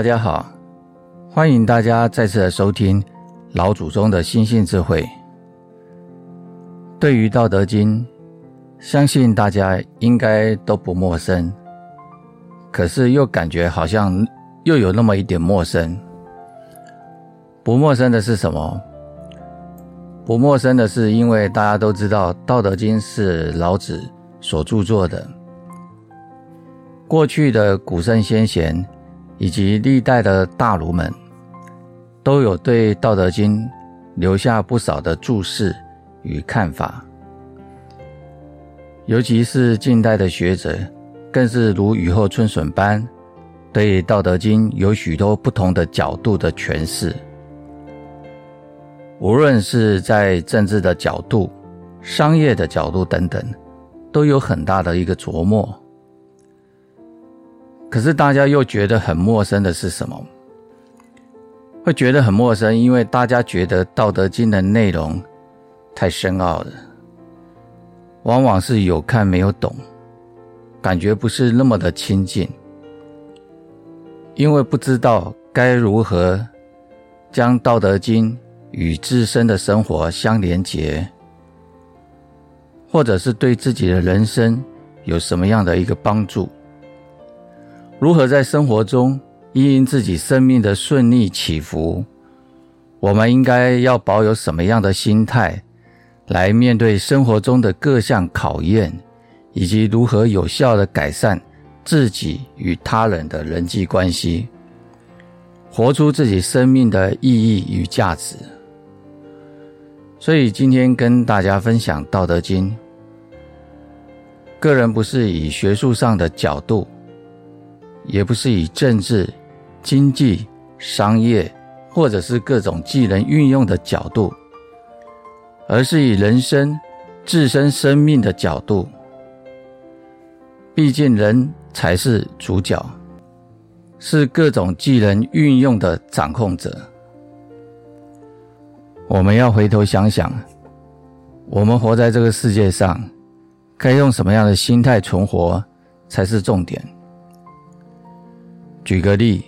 大家好，歡迎大家再次來收聽老祖宗的心性智慧。對於《道德經》，相信大家應該都不陌生，可是又感覺好像又有那麼一點陌生。不陌生的是什麼？不陌生的是，因為大家都知道，《道德經》是老子所著作的，過去的古聖先賢。以及歷代的大儒們，都有對《道德經》留下不少的注釋與看法。尤其是近代的學者，更是如雨後春筍般，對《道德經》有許多不同的角度的詮釋。無論是在政治的角度、商業的角度等等，都有很大的一個琢磨。可是大家又覺得很陌生的是什麼？會覺得很陌生，因為大家覺得《道德經》的內容太深奧了，往往是有看沒有懂，感覺不是那麼的親近，因為不知道該如何將《道德經》與自身的生活相連結，或者是對自己的人生有什麼樣的一個幫助。如何在生活中因應自己生命的順逆起伏，我們應該要保有什麼樣的心態來面對生活中的各項考驗，以及如何有效的改善自己與他人的人際關係，活出自己生命的意義與價值。所以今天跟大家分享《道德經》，個人不是以學術上的角度。也不是以政治、經濟、商業，或者是各種技能運用的角度，而是以人生、自身生命的角度。畢竟人才是主角，是各種技能運用的掌控者。我們要回頭想想，我們活在這個世界上，該用什麼樣的心態存活才是重點。舉個例，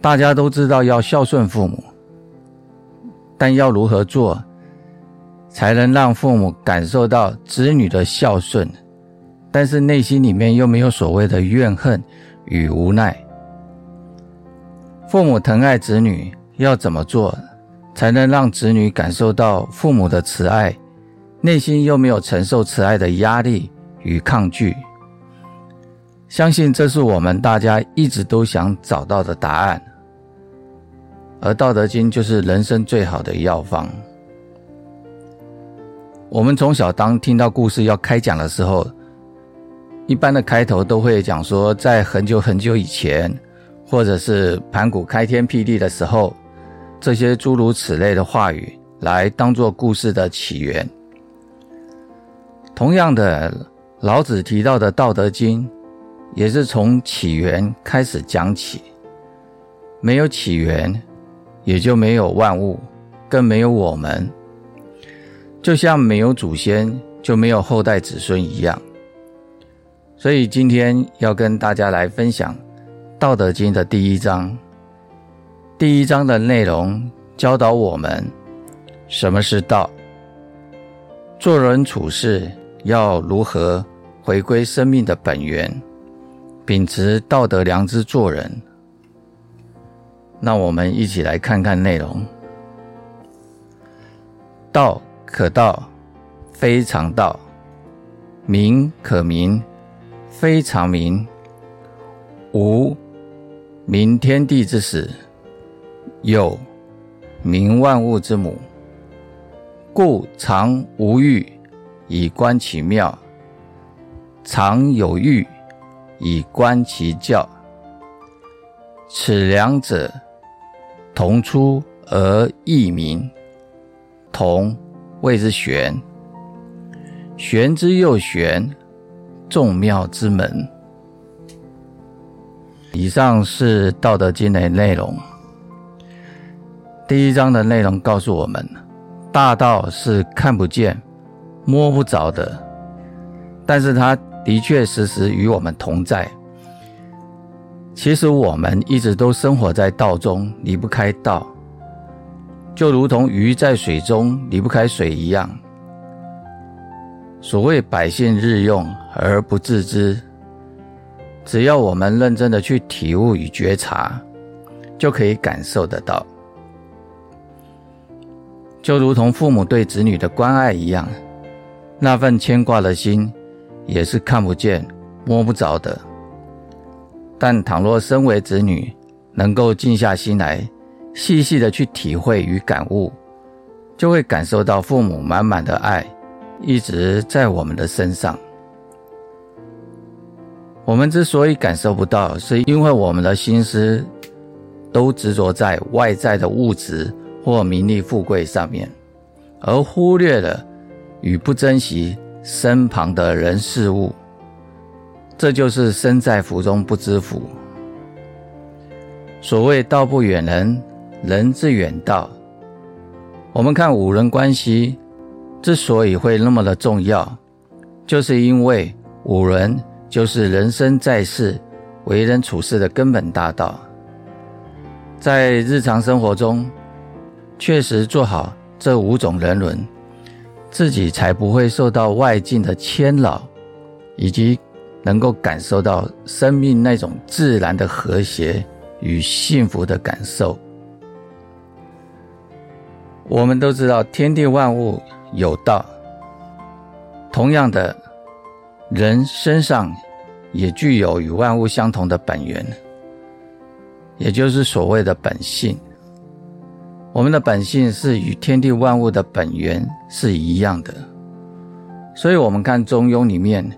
大家都知道要孝順父母，但要如何做才能讓父母感受到子女的孝順，但是內心裡面又沒有所謂的怨恨與無奈？父母疼愛子女，要怎麼做才能讓子女感受到父母的慈愛，內心又沒有承受慈愛的壓力與抗拒？相信這是我們大家一直都想找到的答案，而《道德經》就是人生最好的藥方。我們從小當聽到故事要開講的時候，一般的開頭都會講說，在很久很久以前，或者是盤古開天闢地的時候，這些諸如此類的話語來當做故事的起源。同樣的，老子提到的《道德經》。也是從起源開始講起，沒有起源，也就沒有萬物，更沒有我們。就像沒有祖先就沒有後代子孫一樣。所以今天要跟大家來分享《道德經》的第一章。第一章的內容教導我們，什麼是道，做人處事要如何回歸生命的本源。秉持道德良知做人，那我們一起來看看內容。道可道，非常道；名可名，非常名。無名，天地之始；有，名萬物之母。故常無欲，以觀其妙；常有欲。以觀其徼，此兩者同出而異名，同謂之玄，玄之又玄，眾妙之門。以上是《道德經》的內容，第一章的內容告訴我們，大道是看不見、摸不着的，但是它。的確，時時與我們同在。其實，我們一直都生活在道中，離不開道，就如同魚在水中離不開水一樣。所謂百姓日用而不自知，只要我們認真的去體悟與覺察，就可以感受得到。就如同父母對子女的關愛一樣，那份牽掛的心。也是看不見、摸不着的。但倘若身為子女，能夠靜下心來，細細的去體會與感悟，就會感受到父母滿滿的愛，一直在我們的身上。我們之所以感受不到，是因為我們的心思都執着在外在的物質或名利富貴上面，而忽略了與不珍惜。身旁的人事物，這就是身在福中不知福。所謂“道不遠人，人自遠道”。我們看五倫關係之所以會那麼的重要，就是因為五倫就是人生在世為人處事的根本大道。在日常生活中，確實做好這五種人倫。自己才不會受到外境的牽擾，以及能夠感受到生命那種自然的和諧與幸福的感受。我們都知道，天地萬物有道，同樣的，人身上也具有與萬物相同的本源，也就是所謂的本性。我們的本性是與天地萬物的本源是一樣的，所以，我們看《中庸》裡面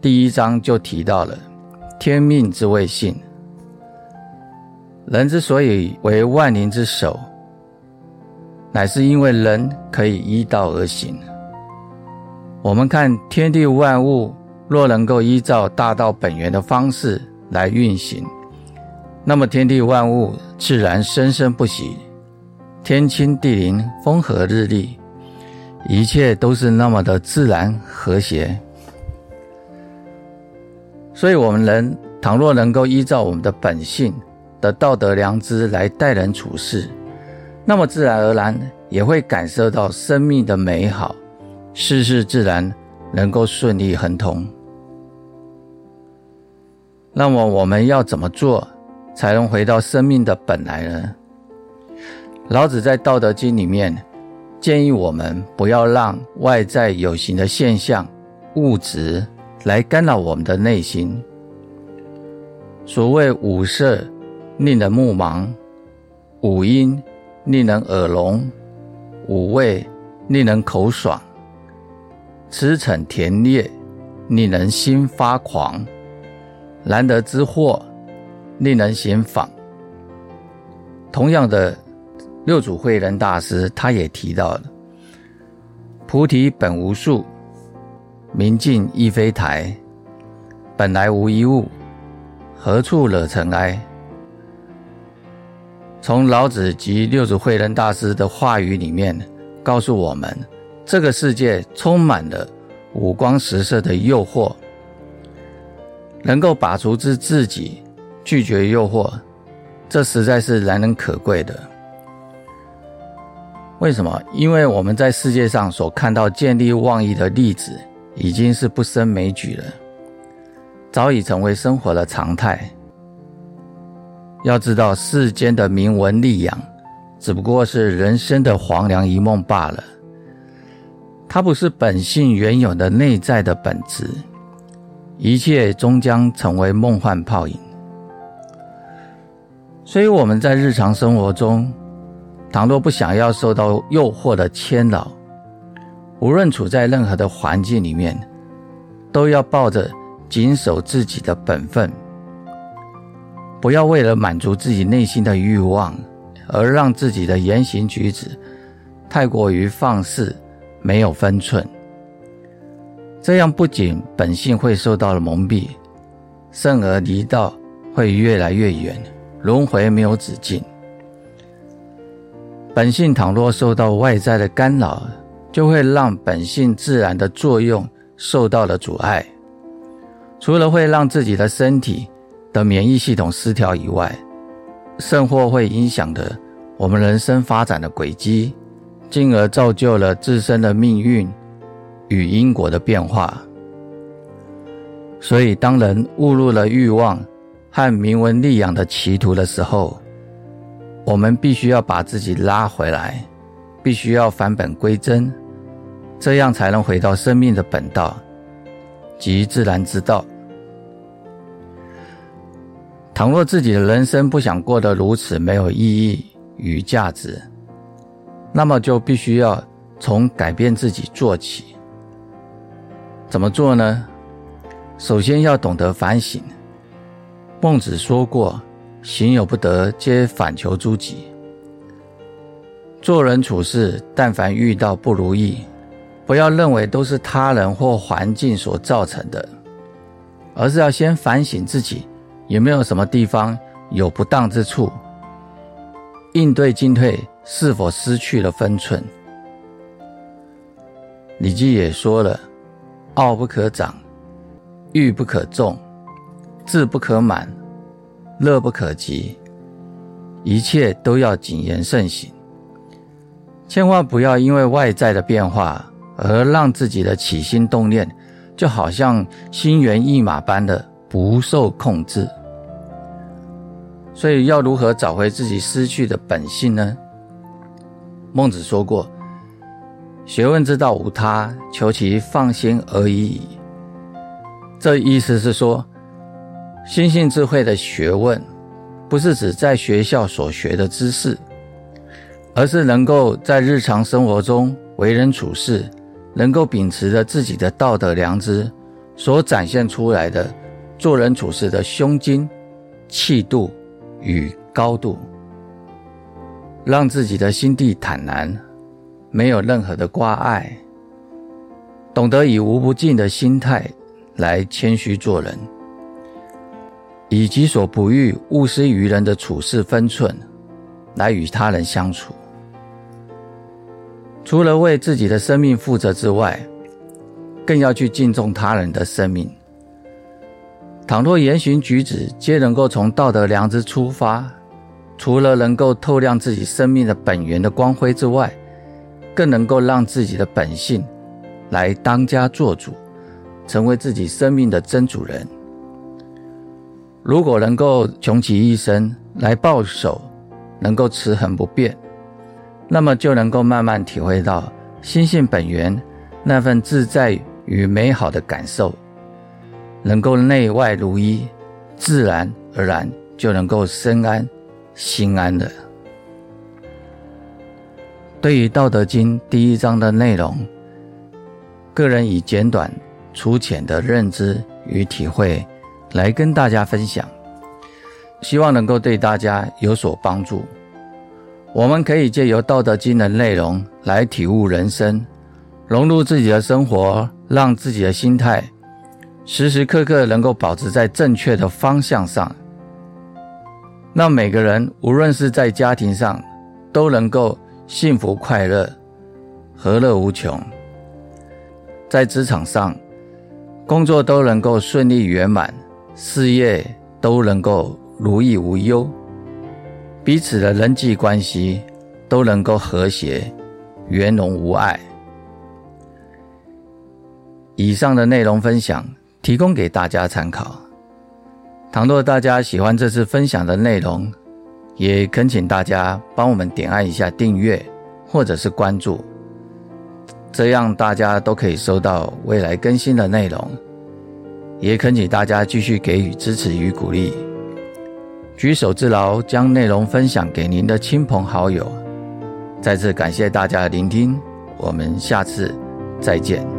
第一章就提到了“天命之謂性”。人之所以為萬靈之首，乃是因為人可以依道而行。我們看天地萬物，若能夠依照大道本源的方式來運行，那麼天地萬物自然生生不息。天清地靈，風和日麗，一切都是那麼的自然和諧。所以，我們人倘若能夠依照我們的本性的道德良知來待人處事，那麼自然而然也會感受到生命的美好，事事自然能夠順利亨通。那麼，我們要怎麼做才能回到生命的本來呢？老子在《道德經》裡面建議我們不要讓外在有形的現象、物質來干擾我們的內心。所謂五色令人目盲，五音令人耳聾，五味令人口爽，馳騁畋獵，令人心發狂，難得之貨令人行妨。同樣的。六祖慧能大師他也提到了：“菩提本無樹，明鏡亦非臺，本來無一物，何處惹塵埃。”從老子及六祖慧能大師的話語裡面，告訴我們這個世界充滿了五光十色的誘惑，能夠把住之自，自己，拒絕誘惑，這實在是難能可貴的。為什麼？因為我們在世界上所看到見利忘義的例子，已經是不勝枚舉了，早已成為生活的常態。要知道，世間的名聞利養，只不過是人生的黃粱一夢罷了。它不是本性原有的內在的本質，一切終將成為夢幻泡影。所以我們在日常生活中，倘若不想要受到誘惑的牽擾，無論處在任何的環境裡面，都要抱着謹守自己的本分，不要為了滿足自己內心的慾望，而讓自己的言行舉止太過於放肆，沒有分寸。這樣不僅本性會受到了蒙蔽，甚而離道會越來越遠，輪回沒有止境。本性倘若受到外在的干擾，就會讓本性自然的作用受到了阻礙，除了會讓自己的身體的免疫系統失調以外，甚或會影響的我們人生發展的軌跡，進而造就了自身的命運與因果的變化。所以，當人誤入了欲望和名聞利養的歧途的時候，我們必須要把自己拉回來，必須要返本歸真，這樣才能回到生命的本道，即自然之道。倘若自己的人生不想過得如此沒有意義與價值，那麼就必須要從改變自己做起。怎麼做呢？首先要懂得反省。孟子說過，行有不得，皆反求諸己。做人處事，但凡遇到不如意，不要認為都是他人或環境所造成的，而是要先反省自己有沒有什麼地方有不當之處，應對進退是否失去了分寸。《禮記》也說了：“傲不可長，欲不可縱，志不可滿。”樂不可及，一切都要謹言慎行，千萬不要因為外在的變化而讓自己的起心動念，就好像心猿意馬般的不受控制。所以，要如何找回自己失去的本性呢？孟子說過：“學問之道無他，求其放心而已矣。”這意思是說。心性智慧的學問，不是指在學校所學的知識，而是能夠在日常生活中為人處事，能夠秉持着自己的道德良知所展現出來的做人處事的胸襟、氣度與高度，讓自己的心地坦然，沒有任何的掛礙，懂得以無不盡的心態來謙虛做人。以己所不欲，勿施於人的處事分寸，來與他人相處。除了為自己的生命負責之外，更要去敬重他人的生命。倘若言行舉止皆能夠從道德良知出發，除了能夠透亮自己生命的本源的光輝之外，更能夠讓自己的本性來當家做主，成為自己生命的真主人。如果能夠窮其一生來保守，能夠持恆不變，那麼就能夠慢慢體會到心性本源那份自在與美好的感受，能夠內外如一，自然而然就能夠身安心安了。對於《道德經》第一章的內容，個人以簡短、粗淺的認知與體會。來跟大家分享，希望能夠對大家有所幫助。我們可以借由《道德經》的內容來體悟人生，融入自己的生活，讓自己的心態時時刻刻能夠保持在正確的方向上，讓每個人無論是在家庭上都能夠幸福快樂、和樂無窮，在職場上工作都能夠順利圓滿，事業都能夠如意無憂，彼此的人際關係都能夠和諧、圓融無礙。以上的內容分享提供給大家參考。倘若大家喜歡這次分享的內容，也懇請大家幫我們點按一下訂閱或者是關注，這樣大家都可以收到未來更新的內容。也懇請大家繼續給予支持與鼓勵，舉手之勞，將內容分享給您的親朋好友。再次感謝大家的聆聽，我們下次再見。